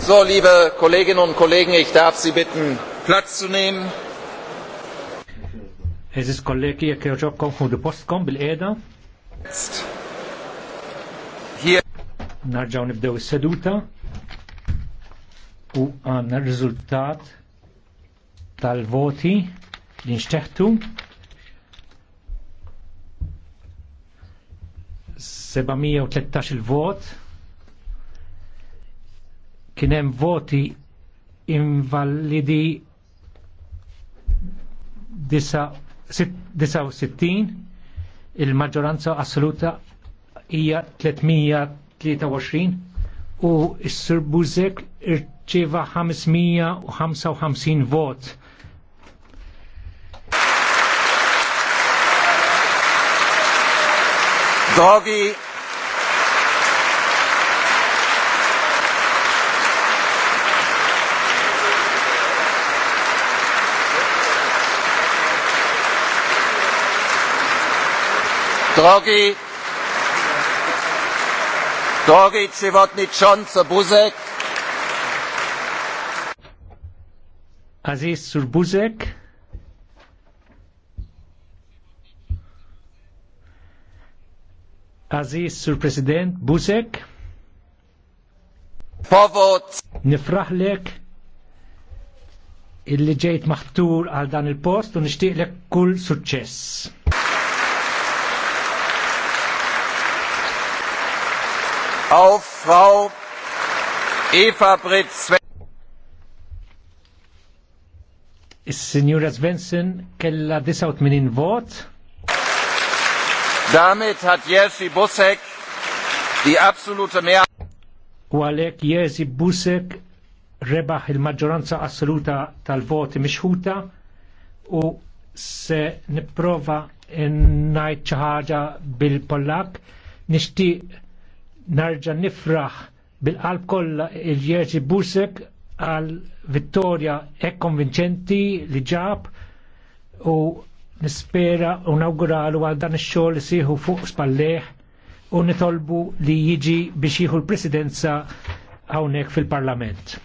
So, liebe Kolleginnen und Kollegen, ich darf Sie bitten, Platz zu nehmen. Es Eżis kollegi, jek joġobkom fudu postkom bil-eda. und Ibdeu ist seduta u għanna r-riżultat tal-voti li nxteħtu. 713 il-vot kienem voti invalidi 69 il-maġġoranza assoluta hija 323 u s-Sir Buzek irċeva 555 vot. Doggy Drogi, Drogi, Civotnichonce, Buzek. Aziz Sur Buzek. Aziz Sur President Buzek. Povot. Nifraħlek illi ġejt maħtur għal dan il-post u nishtiqlek kull suċċess. auf Frau Eva Britt Svensson. Is-Sinjura Svensson kella 89 vot. Damit hat Jerzy Busek die absolute Mehrheit. U għalek Jerzy Busek rebaħ il-maġġoranza assoluta tal-voti mixħuta u se niprofa najt ċaħġa bil-Pollak nishtiq narġa nifraħ bil-qalb kollha il ġerġi Busek għal vittorja ek konvinċenti li ġab u nispera u nawguralu għal dan ix-xogħol siħu fuq spalleħ u nitolbu li jiġi biex jieħu l-presidenza hawnhekk fil-Parlament.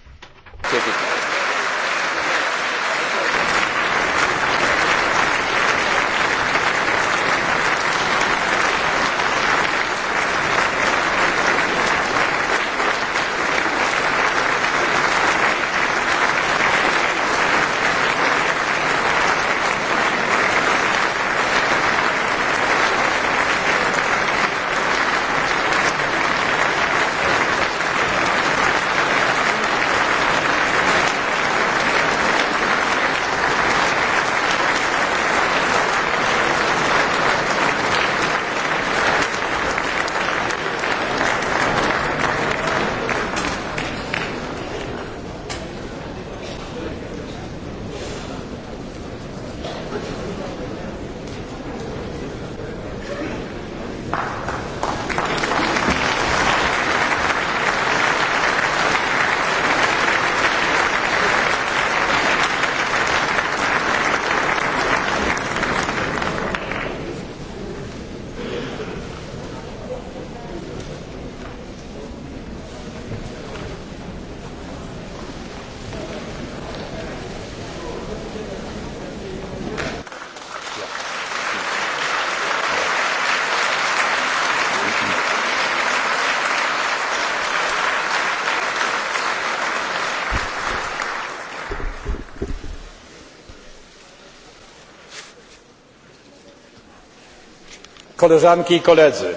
Koleżanki i koledzy.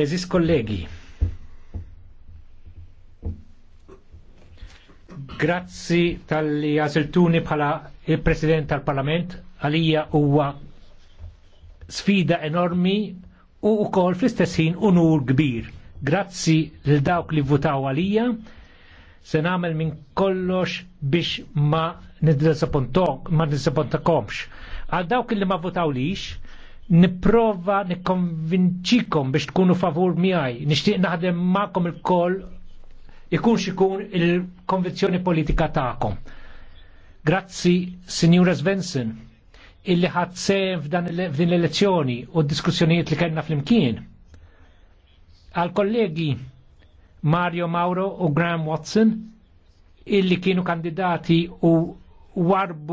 Eżis kollegi. Grazzi tal-li għasiltuni bħala il-President tal-Parlament għalija huwa sfida enormi u wkoll fl-istess unur kbir. Grazzi lil dawk li votaw għalija se nagħmel minn kollox biex ma niddesapontakomx. Għal dawk li ma votaw lix, niprofa nikkonvinċikom biex tkunu favur miħaj, nishtiq naħdem ma'kom il kol ikun xikun il-konvenzjoni politika ta'kom. Grazzi, Signora Svensson, illi ħadsem f'din l-elezzjoni u d-diskussjonijiet li kellna fl-imkien. Għal-kollegi Mario Mauro u Graham Watson, illi kienu kandidati u warbu